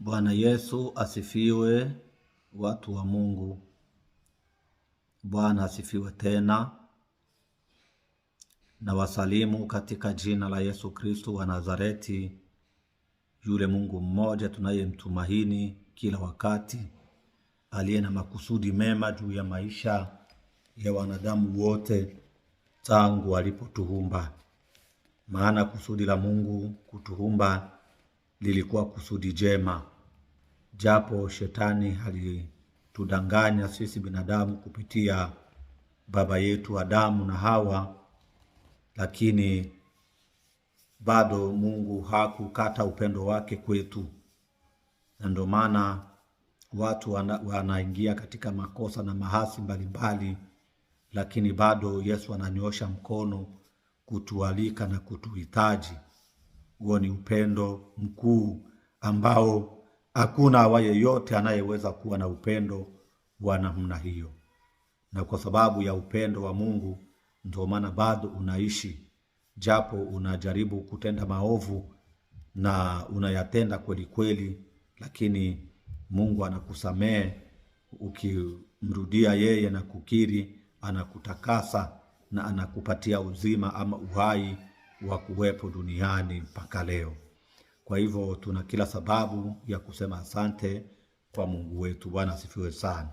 Bwana Yesu asifiwe, watu wa Mungu. Bwana asifiwe tena. Na wasalimu katika jina la Yesu Kristo wa Nazareti, yule Mungu mmoja tunayemtumahini kila wakati, aliye na makusudi mema juu ya maisha ya wanadamu wote tangu alipotuumba. Maana kusudi la Mungu kutuumba lilikuwa kusudi jema, japo shetani alitudanganya sisi binadamu kupitia baba yetu Adamu na Hawa, lakini bado Mungu hakukata upendo wake kwetu, na ndio maana watu wana, wanaingia katika makosa na mahasi mbalimbali, lakini bado Yesu ananyosha mkono kutualika na kutuhitaji huo ni upendo mkuu ambao hakuna awa yeyote anayeweza kuwa na upendo wa namna hiyo. Na kwa sababu ya upendo wa Mungu, ndio maana bado unaishi, japo unajaribu kutenda maovu na unayatenda kweli kweli, lakini Mungu anakusamehe ukimrudia yeye na kukiri, anakutakasa na anakupatia uzima ama uhai wa kuwepo duniani mpaka leo. Kwa hivyo tuna kila sababu ya kusema asante kwa Mungu wetu. Bwana asifiwe sana.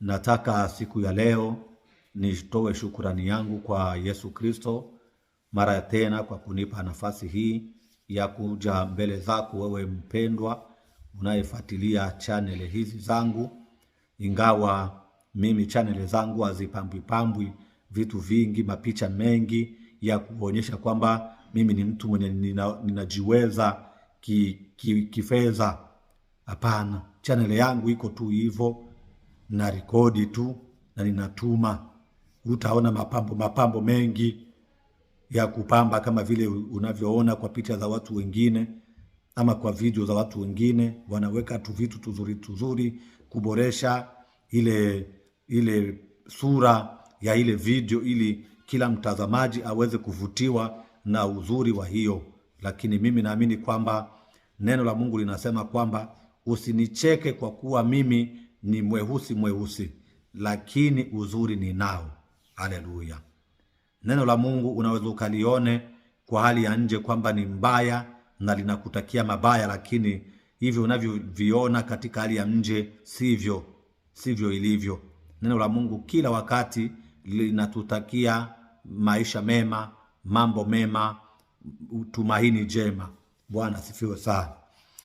Nataka siku ya leo nitoe shukurani yangu kwa Yesu Kristo mara tena kwa kunipa nafasi hii ya kuja mbele zako wewe mpendwa unayefuatilia chaneli hizi zangu, ingawa mimi chaneli zangu hazipambwipambwi vitu vingi, mapicha mengi ya kuonyesha kwamba mimi ni mtu mwenye ninajiweza kifedha ki, ki hapana. Channel yangu iko tu hivyo na rekodi tu na ninatuma. Utaona mapambo mapambo mengi ya kupamba kama vile unavyoona kwa picha za watu wengine ama kwa video za watu wengine, wanaweka tu vitu tuzuri tuzuri kuboresha ile ile sura ya ile video ili kila mtazamaji aweze kuvutiwa na uzuri wa hiyo. Lakini mimi naamini kwamba neno la Mungu linasema kwamba usinicheke kwa kuwa mimi ni mweusi mweusi, lakini uzuri ni nao. Haleluya! Neno la Mungu unaweza ukalione kwa hali ya nje kwamba ni mbaya na linakutakia mabaya, lakini hivyo unavyoviona katika hali ya nje sivyo, sivyo ilivyo. Neno la Mungu kila wakati linatutakia maisha mema, mambo mema, tumaini jema. Bwana asifiwe sana.